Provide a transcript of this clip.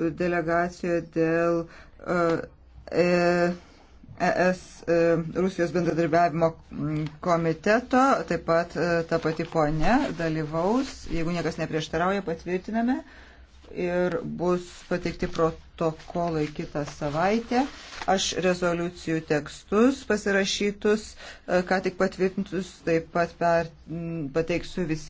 delegacijoje dėl e, e, ES e, Rusijos bendradarbiavimo komiteto, taip pat ta pati ponė dalyvaus, jeigu niekas neprieštarauja, patvirtiname ir bus pateikti protokolai kitą savaitę. Aš rezoliucijų tekstus pasirašytus, ką tik patvirtintus, taip pat per, pateiksiu visiems.